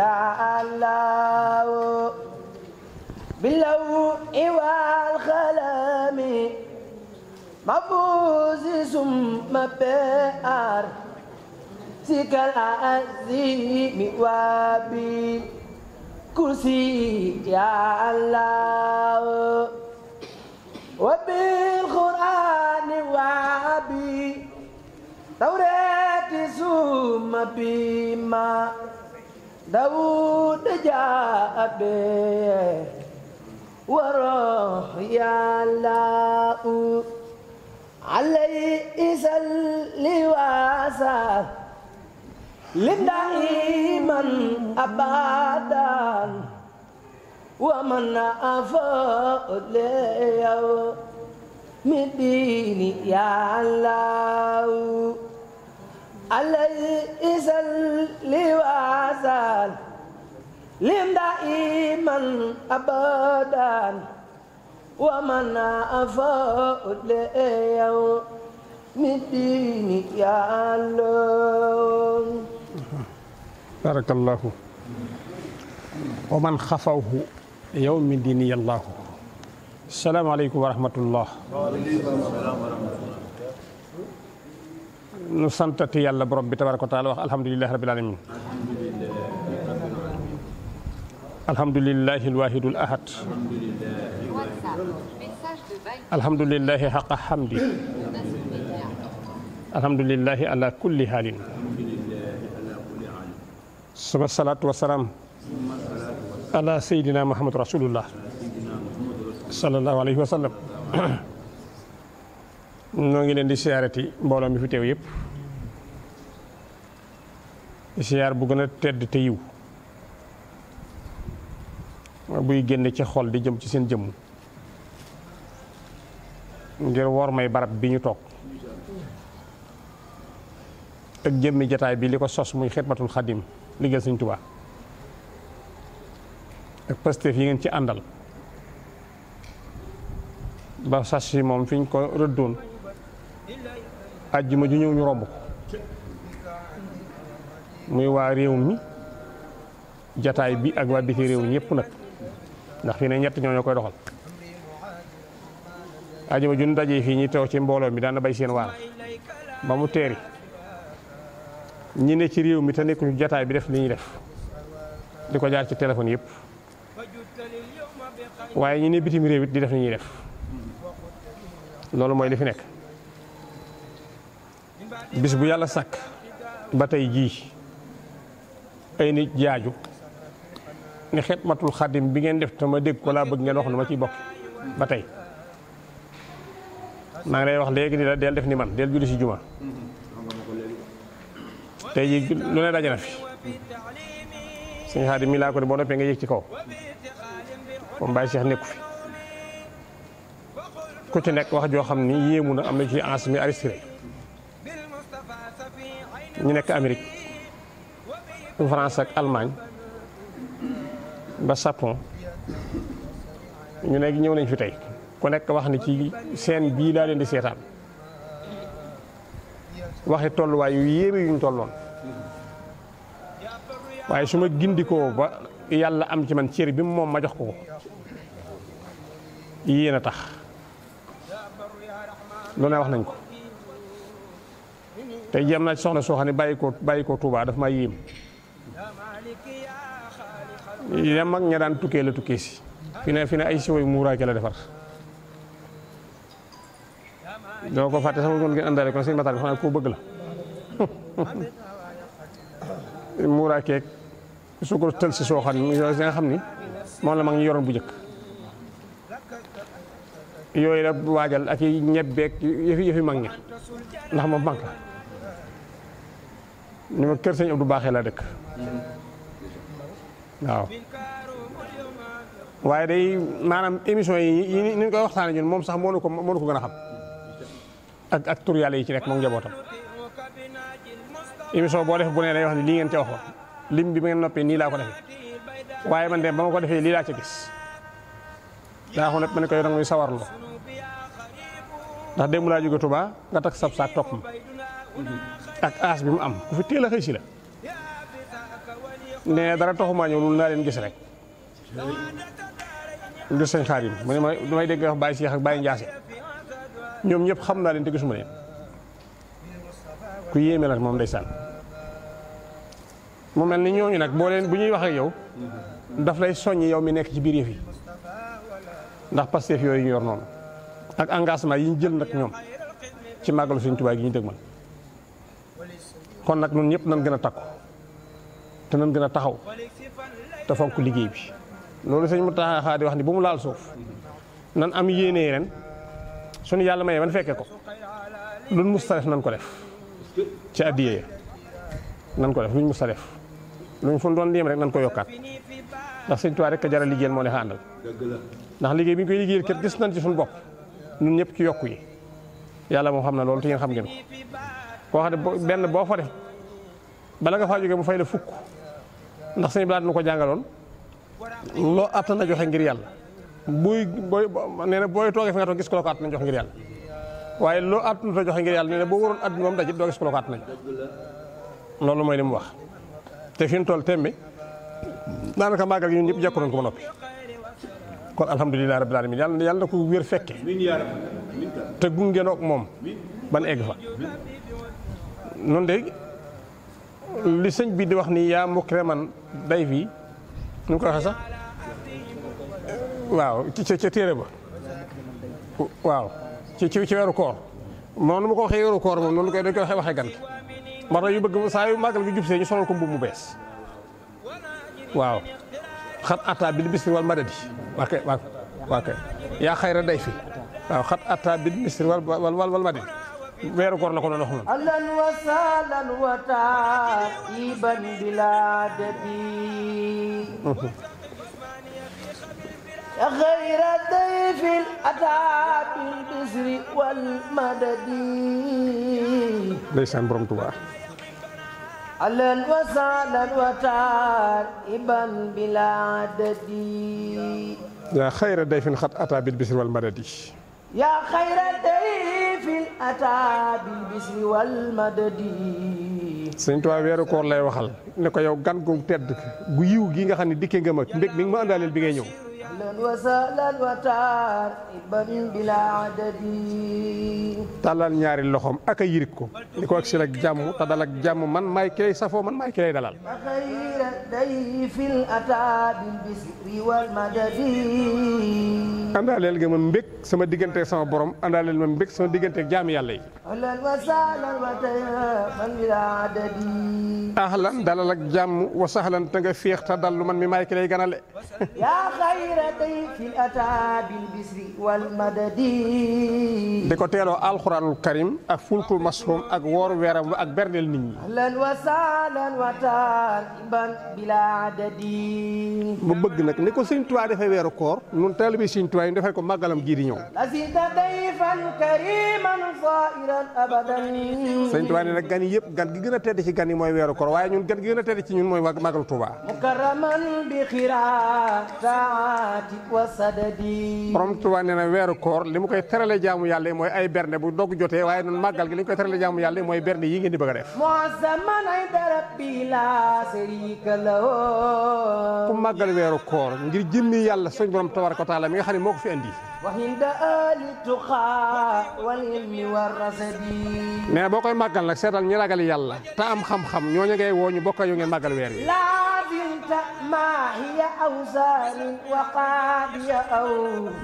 شاء الله باللوء والخلام مفوز ثم سيكا سك العزيم كرسي يا الله وبالقرآن وبالتوراة ثم بما داود جاء به وروح يا الله علي سل واسع لدائما أبدا ومن أفاء ليوم ديني يا الله علي إزل لوازان لم دائما أبدا ومن أفاء ليوم الدين يا الله بارك الله ومن خفوه يوم الدين يا الله السلام عليكم ورحمة الله وعليكم السلام ورحمة الله nu santati yàlla borom bi tabaraka wa taala wax alhamdulilahi rabil alamin alhamdulilahi alwahidu al ahad alhamdulilahi xaqa xamdi alhamdulilahi ala kulli haalin suma salaatu wa salaam ala sayidina muhammad rasulullah sallallahu alayhi wa sallam noo ngi leen di siyaarati mbooloo mi fi teew yépp siyaar bu gën a tedd te yiw buy génn ci xol di jëm ci seen jëmm ngir war may barab bi ñu toog ak jëmmi jataay bi li ko sos muy xidmatul xadim liggéeyal Sëñ ak Pastef yi ngeen ci àndal ba sas yi moom ko rëddoon ajjuma ju ñëw ñu romb muy waa réew mi jataay bi ak waa biti réew mi yëpp nag ndax fii ne ñett ñoo ñoo koy doxal ajjuma ju ñu dajee fii ñi teew ci mbooloo mi daan na bay seen waar ba mu teeri ñu ne ci réew mi te nekkuñu jataay bi def li ñuy def di ko jaar ci téléphone yëpp waaye ñu ne bitim réew it di def li ñuy def loolu mooy li fi nekk bis bu yàlla sàkk ba tey jii ay nit jaaju ne matul xadim bi ngeen def te ma dégg ko laa bëgg ngeen wax lu ma ciy bokk ba tey maa ngi lay wax léegi ni la def ni man del julli si juma tey jii lu ne daje na fi suñu xadim mi laa ko ne boo noppee nga yéeg ci kaw moom Baye Cheikh nekku fi ku ci nekk wax joo xam ni yéemu na am na ci ans mi aristéré ñu nekk amerig France ak Allemagne ba Japon ñu nekk ñëw nañ fi tey ku nekk wax ni ci seen bii daa leen di seetaan waxi tolluwaay yu yéeme yuñ tolloon waaye su ma gindikoo ba yàlla am ci man cër bi moom ma jox ko ko yéen a tax lu ne wax nañ ko te yem na soxna soo xam bayiko bàyyi ko Touba daf ma yim ya mak ña dan tuké la tuké si fi ne fi ne ay siwoy muuraake la defar do ko faté sama gon ngi àndaale kon seigne Matar xana ko bëgg la muuraakeeg su ko tel ci soo xam nga xamni mo la mak ñu yoron bu jëk yoy la wajal ak yi ñebbeeg yefi yëfi mag ña ndax mo mag ni ma kër sëñ Abdou Baaxee la dëkk waaw waye day manam émission yi ni ñu koy waxtaanee ñun mom sax mo ko mo ko gëna xam ak ak tour yalla yi ci rek mo njabootam émission bo def bu ne lay wax ni li ngeen ci waxoon lim bi ngeen noppé ni la ko defee waye man dem ba ma ko defé li la ci gis da xone man ma ne ko yow da nga sawarloo ndax dem la jóge touba nga tak sab saak topp ak aas bi mu am ku fi teel xëy si la ne dara taxumaa ñëw loolu naa leen gis rek ngir sëñ Xaadim mu ne ma damay dégg wax Baye Cheikh ak Baye Ndiassé ñoom ñëpp xam naa leen te gisuma leen ku yéeme la moom ndeysaan mu mel ni ñooñu nag boo leen bu ñuy waxee ak yow daf lay soññ yow mi nekk ci biir yëf yi ndax Pastef yooyu ñu yor noonu ak engagement yi jël nag ñoom ci màggalu Sëñ Tuubaa gi ñu dëgmal kon nag ñun ñëpp nañ gën a takku te nañ gën a taxaw te fonk liggéey bi loolu sëñ mu taxaa di wax ni bu mu laal suuf nan am yéene ren suñu yàlla mayee ban fekkee ko luñ musta def nan ko def ci addiyee nan ko def luñ musta def luñ fu doon liim rek nan ko yokkaat ndax sëñ Tuubaa rek a jar liggéeyal moo ne xàndal ndax liggéey bi ñu koy liggéeyal kër gis nañ ci suñu bopp ñun ñëpp ci yokku yi yàlla moo xam ne loolu te yéen xam ngeen ko koo xam ne benn boo fa def bala nga faa jógee mu fay la fukk ndax sëñ bi nu ko jàngaloon loo attan na joxe ngir yàlla buy booy nee booy toogee fi nga toog gis ko la ko attan na joxe ngir yàlla waaye loo attan na yàlla nee na boo moom dajit doo gis ko la ko attan mooy li mu wax te fi mu toll tembe daanaka màggal gi ñun ñëpp jekku nañ ko ba noppi kon alhamdulillah rabbil alamin yàlla yàlla na ko wér fekke ya te gungé nok mom ban egg fa non de li señ bi di wax ni ya mukriman day fi nu ko xassa waaw ci ci téré ba waaw ci ci ci wëru koor non mu ko waxee wëru koor moom noonu koy dañ ko waxee waxee gant mara yu bëgg sa yu magal gi jup see ñu ko mbum bu waaw xat atta bil bisri wal madadi waa kay waa kay xayra day fi bil bisri wal madadi weeru koor la ko doon wax moom ahlan bila dabi غير ضيف الأتى بالبسر والمدد ليس عن برمتوا أهلا وسهلا وترحبا بلا عدد يا خير ضيف قد أتى بالبشر والمدد يا خير ضيف أتى بالبشر والمدد sëñ Tuubaa weeru koor lay waxal ne ko yow gan gu tedd gu yiw gi nga xam ne dikkee أهلا وسهلا وترحبا بلا عدد talal ñaari loxoom ak a yirik ko li ko agsi ak jàmm te dal ak jàmm man maay ki lay safoo man maay ki lay dalal àndaaleel nga ma mbég sama diggante sama borom àndaaleel ma mbég sama diggante jaami yàlla yi ahlan dalal ak jàmm wa sahlan te nga féex te dallu man mi maay ki lay ganale yaa xayra ضيف أتى بالبسر والمدد di ko teeloo alxuraanul karim ak fulkul masxum ak woor weeram ak berndeel nit ñi. ahlan wa sahlan wa tarhiban mu bëgg nag ni ko Sëriñ Tuubaa dafay weeru koor nun taalibe Sëriñ Tuubaa yi ko màggalam gii di ñëw. lasita dayfan kariman sairan abadan. Sëriñ Tuubaa ne nag gan yi yëpp gan gi gën a tedd ci gan yi mooy weeru koor waaye ñun gan gi gën a tedd ci ñun mooy màggalu Tuubaa. borom Tuubaa nee na weeru koor li mu koy terale jaamu yàlla mooy ay bernde bu dog jotee waaye noonu màggal gi li mu koy terale jaamu yàlla mooy bernde yi ngeen di bëgg a def ku màggal weeru koor ngir jëmmi yàlla suñ borom tabaraka wa taala mi nga xam ne moo ko fi andi nee boo koy màggal nag seetal ñi ragal yàlla te am xam-xam ñooñu ngay woo ñu bokk ak ngeen màggal weer yi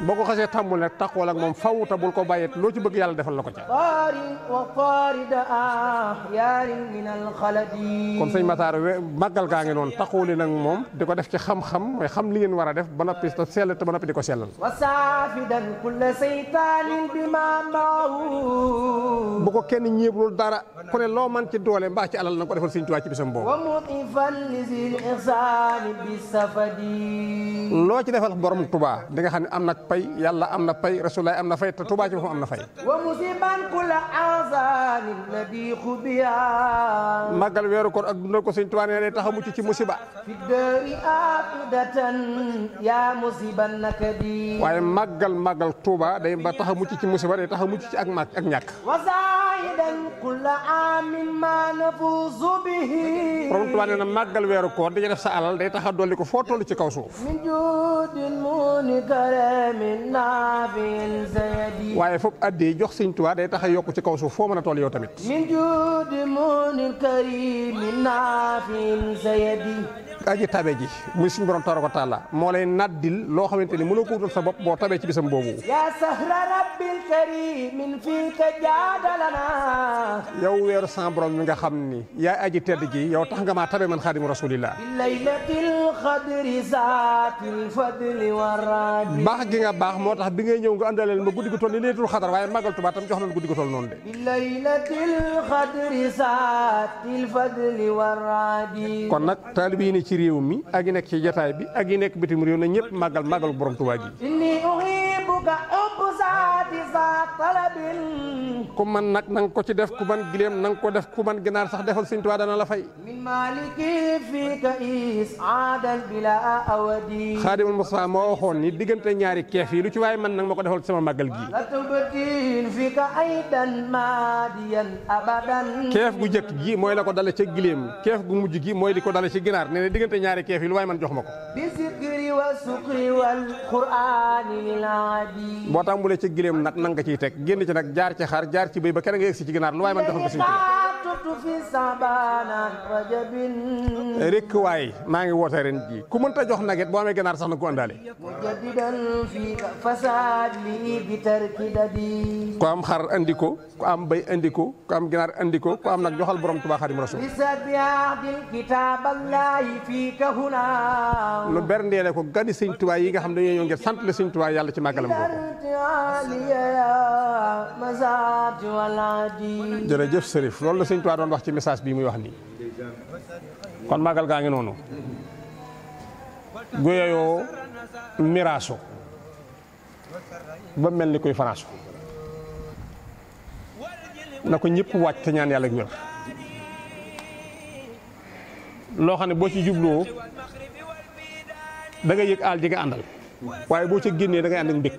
boo ko xasee tàmbul nag taxawal ak moom faw te bul ko bàyyi loo ci bëgg yàlla defal la ko ca. kon sëñ Matar màggal gaa ngi noonu taxawal leen moom di ko def ci xam-xam mooy xam li ngeen war a def ba noppi te sell te ba noppi di ko sellal. bu ko kenn ñeebul dara ku ne loo man ci doole mbaa ci alal na ko defal sëñ waa ci bisam boobu. loo ci defal borom Touba di nga xam ne am na pay yàlla am na pay rasulaay am na fay te Touba ci boppam am na fay. màggal weeru koor ak dundal ko sëñ Touba nee na tax a mucc ci musiba. waaye màggal màggal Touba day ba tax a mucc ci musiba day tax a mucc ci ak màgg ak ñàkk. borom Touba nee na màggal weeru koor di def sa alal day tax a dolli ko foo toll ci kaw suuf. waaye foofu addee jox Sëñ Tuubaa day tax a yokk ci kaw suuf foo mën a toll yow tamit. aji tabe ji muy suñu borom a taala moo lay naddil loo xamante ni a ko wutal sa bopp boo tabee ci bisam boobu ya sahra rabbil karim fika jaadalana yow weeru san borom mi nga xam ni yaay aji tedd ji yow tax nga maa tabe man xaadimu rasulillah laylatil qadri zaatil fadli warad baax gi nga baax moo tax bi ngay ñëw nga àndaleel ma guddi gu toll ni leetul xadar waaye magal Tuubaa tam jox nañ guddi gu toll noonu de laylatil qadri zaatil fadli réew mi ak yi nekk ci jataay bi ak yi nekk bitim réew na ñëpp màggal màggal borom Tuubaa gi ku man nag nang ko ci def ku man gileem nang ko def ku man ginaar sax defal Sëriñ Tuubaa dana la fay min maliki fika isaadal moo waxoon ni diggante ñaari keef yi lu ci waaye man nag ma ko defal sama màggal gi latubtin fika aydan maadiyan abadan keef gu jëkk gi mooy la ko dale ca gileem keef gu mujj gi mooy di ko dale ci ginaar nee diggante ñaari keef yi lu waaye man jox ma ko boo tàmbulee ci gileem nag nanga ciy teg génn ci nag jaar ci xar jaar ci bëy ba keneen nga yegsi ci ginaar lu waaye man defal ko suñu kii rekk waay maa ngi woote ren ji ku mënta jox naget boo amee sax ko àndaale am xar andi ko ku am bëy andi ko ku am ginaar andi ko ku am nag joxal borom Tuubaa Xaadimu Rasuul lu berndeele ko gani sëñ Tuubaa yi nga xam ne dañoo ñëw ngir sant la sëñ Tuubaa yàlla ci màggalam boobu. jërëjëf Serif loolu la sëñ Tuubaa doon wax ci message bii muy wax nii. kon màggal gaa ngi noonu. goyayoo miraaso ba mel ni koy faraaso na ko ñëpp wàcc te ñaan yàlla ak loo xam ne boo ci jubloo. da ngay yëg aal ji nga àndal waaye boo ci génnee dangay ngay ànd ak mbég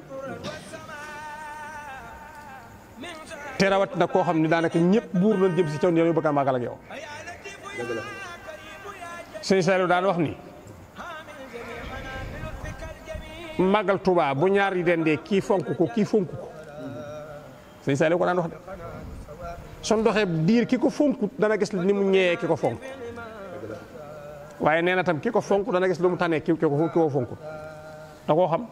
rawat nag koo xam ne daanaka ñëpp buur nañ jëm si caw yow bëgg a màggal ak yow sëñ Saliou ni màggal Tuubaa bu ñaar yi dendee kii fonk ko kii fonk ko sëñ ko daan son doxee diir ki ko fonkut dana gis ni mu ñëwee ki ko fonk waaye nee na tam ki ko fonk dana gis lu mu tane ki ki ko fonk da koo xam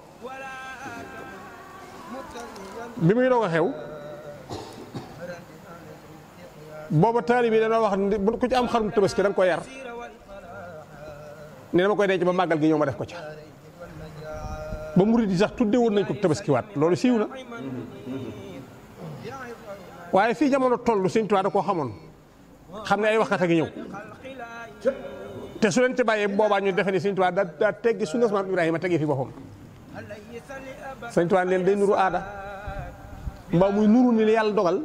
bi muy doog a xew booba taalib yi dana wax ku ci am xarum tabaski da nga ko yar ne dama koy denc ba màggal gi ñëw ma def ko ca ba murid yi sax tudde woon nañ ko tabaskiwaat loolu siiw na waaye fii jamono tollu Sëñ Tuubaa da koo xamoon xam ne ay waxkat a ngi ñëw te su leen ci bàyyee boobaa ñu defe ne Sëñ Tuubaa daa daa teggi sunnas maam Ibrahima tegee fi boppam Sëñ Tuubaa leen day nuru aada mbaa muy nuru ni yàlla dogal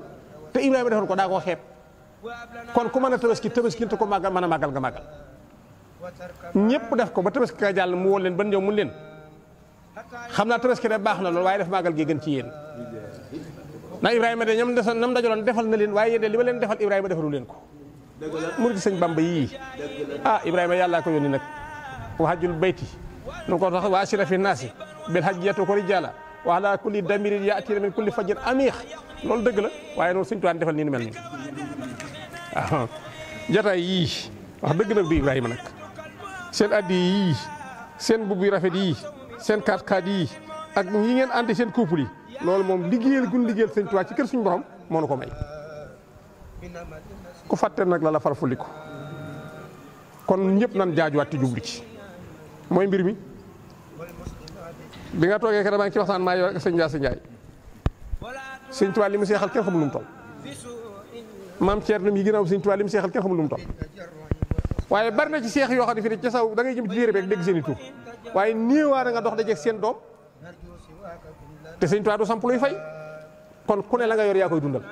te Ibrahima defoon ko daa ko xeeb kon ku mën a tabaski tabaski te ko màggal man a màggal nga màggal ñëpp def ko ba tabaski ka jàll mu woo leen ban ñëw mun leen xam naa tabaski de baax na lool waaye def màggal gi gën ci yéen ndax Ibrahima de ñoom desoon nam defal na leen waaye yéen li ma leen defal Ibrahima leen ko murid sëñ Bamba yii ah Ibrahima yàllaa ko yónni nag wa hajjul bayti lu ko tax wa ashrafi naasi bil hajji yatu ko rijaala wa ala kulli damirin yaatina min kulli fajjin amiix loolu dëgg la waaye loolu sëñ Tuubaa defal nii nu mel nii waaw ah, yii wax dëgg nag du Ibrahima nag seen addi yii seen mbubb yu rafet yii seen kaat-kaat yii ak yi ngeen àndi seen couple yi loolu moom liggéeyal gun liggéeyal sëñ Tuubaa ci kër suñu borom moo nu ko may ku fatte nak la la far fuliko kon ñepp nan jaajuwaat ci jublu ci moy mbir mi bi nga toge ke dama ci waxtan ma yor ak sëñ Ndiaye sëñ Ndiaye sëñ Tuubaa li mu seexal kenn xamul lu mu toll maam Thierno mi ginnaaw sëñ Tuubaa li mu seexal kenn xamul lu mu toll waaye bari na ci seex yo xam fi ci saw da ngay jëm ci liir beeg dégg seen i tur waaye néewaa da nga dox da dajeeg seen dom te sëñ Tuubaa du samp luy fay kon ku ne la nga yor ya koy dundal